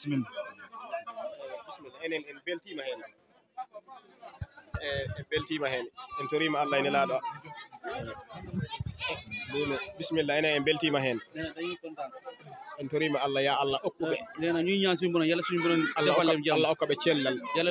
bismillah bismillah enen en beltima hen en beltima hen en torima allah ene laaɗo lena bisimilla enen en beltima hen en torima allah ya allah okkuɓe lena ñuññan suñu bonon yalla suñu bonon allah okkaɓe cellal yalla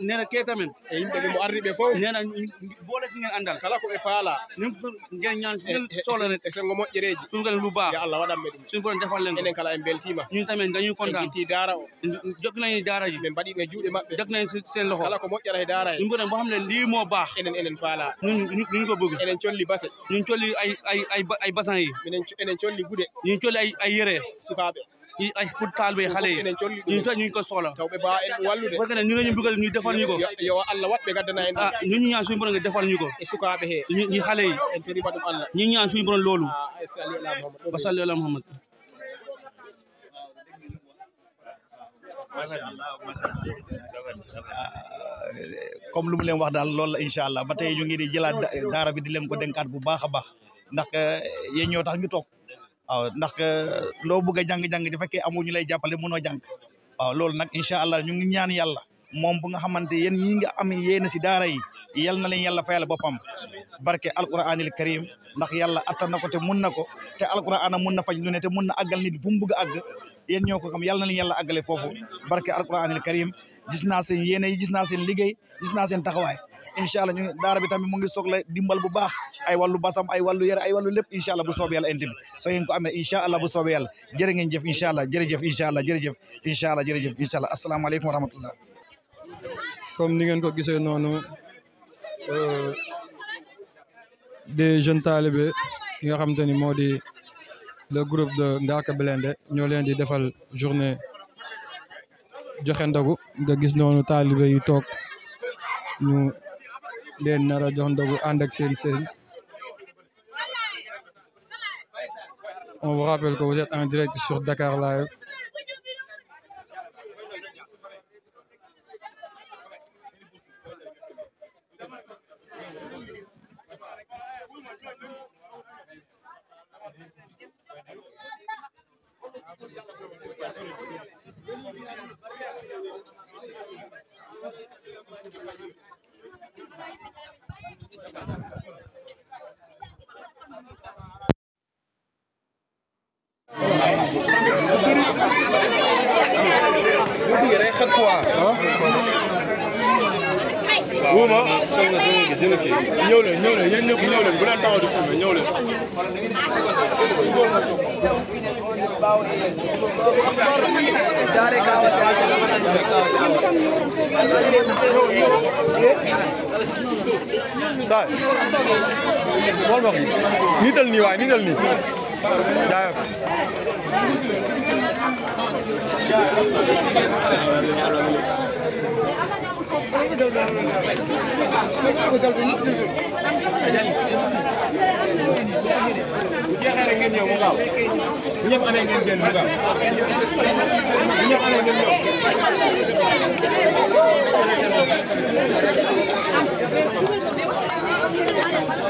nee na ke tamit e yimɓe ɓe mo ardiɓe fof nee na booleki ngeen anndal kala ko ɓe paala nin ngeen ñaan e, ngeen sohlanen e, e, e sengo moƴƴereeji sungal lu baa yo allah waɗanɓe ɗum sun kono defal len enen kala en beltima ñun daara o jokkinani daaraji ɓe e juuɗe loho kala ko moƴƴata e daara he ɗum mboɗen bo xam ne limo baax enen enen paala ñun ko bogi ñun colli ay ay yi ñun colli ay yere yi ay pour taalibe xale yi ñu to ñu ko soxla parce que ne ñu ngi ñu bëggal ñu defal ñu ko ah ñu ñu ñaan suñu borom nga defal ñu ko e ñu xale yi ñu ñaan suñu borom loolu ah, e wa salli ala muhammad comme lu mu leen wax daal loolu la incha allah ba tey ñu ngi di jëlaat daara bi di leen ko dénkaat bu baax a baax ndax eh, yéen ñoo tax ñu toog waaw ndax euh, loo bëgg a jàng-jàng di fekkee amoo ñu lay jàppale mënoo jàng waaw loolu nag incha allah ñu ngi ñaan yàlla moom bu nga xamante yéen ñi nga am yéen si daara yi yal na leen yàlla fayal boppam barke alquranil karim ndax yàlla attan na ko te mun na ko te alquran mun na faj lu ne te mun na àggal nit fu mu bëgg a àgg ñoo ko xam yal na leen yàlla àggale foofu barke alquranil karim gis naa seen yéene yi gis naa seen liggéey gis naa seen taxawaay incha allah ñu daara bi tamit mu ngi soxla dimbal bu baax ay wàllu basam ay wàllu yére ay wàllu lépp incha allah bu soobee yàlla indi bi soo ngeen ko amee incha allah bu soobee yàlla jërë ngeen jëf allah jërëjëf incha allah jërëjëf incha allah jërëjëf incha allah ni ngeen ko gisee noonu euh, des jeunes talibés nga xamante ni moo di le groupe de Ngaaka Blindé ñoo leen di defal journée joxe ndogu nga gis noonu talibé yu toog ñu leen nar a jox ndogu ànd on vous rappelle que vous êtes direct sur Dakar buuma soxna soxna gi jël kii ñëw leen ñëw leen yéen ñëpp ñëw leen bu leen taxaw di fuume ñëw leen saa bool ma ko niital nii waaye niital nii jaayoo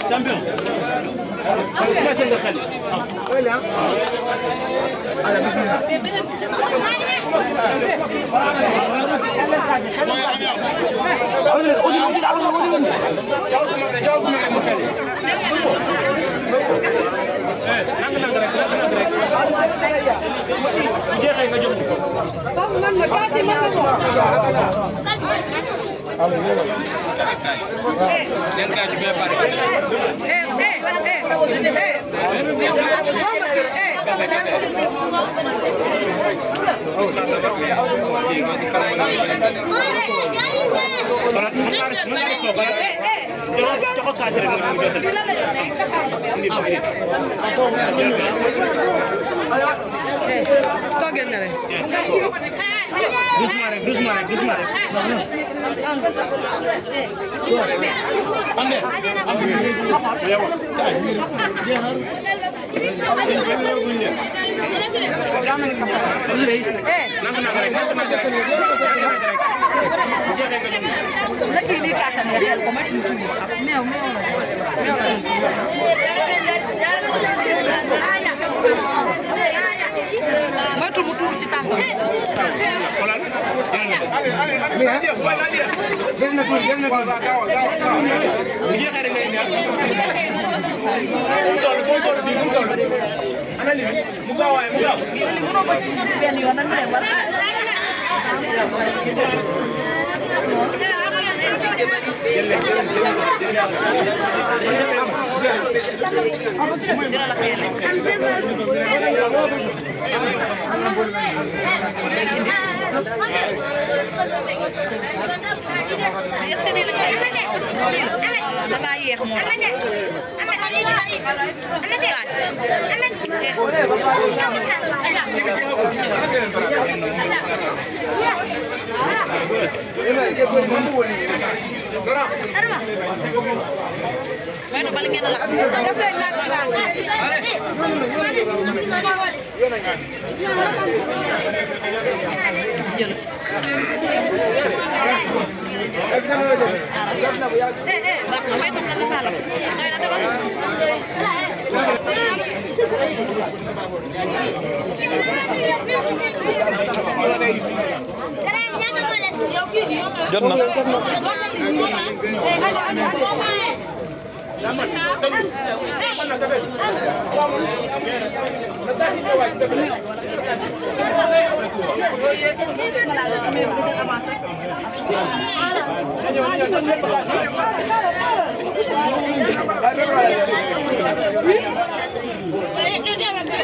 Champion Alo, alo. Nen gaaju be pare. Kau gimana? Doucement rek doucement rek doucement rek. Ande. tuuti mu tuur ci tàngoor. xoolal jërë na tuur jërë na tuur waaw gaawal gaawal bu jeexee rek ngay neex. mu gaaw waaye mu gaaw. mënoo ko si sotti benn yoon nag mu dem wala. jërëjëf jërëjëf Nangayeex moom Bak, may tong lang sa loob. Kaya na jot na.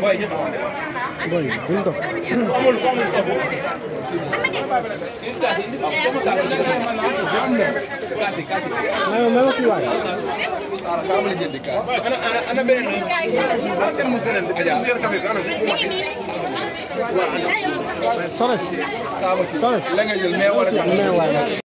boy ñëpp boy buñ toog amul amul sabu amadi amadi amadi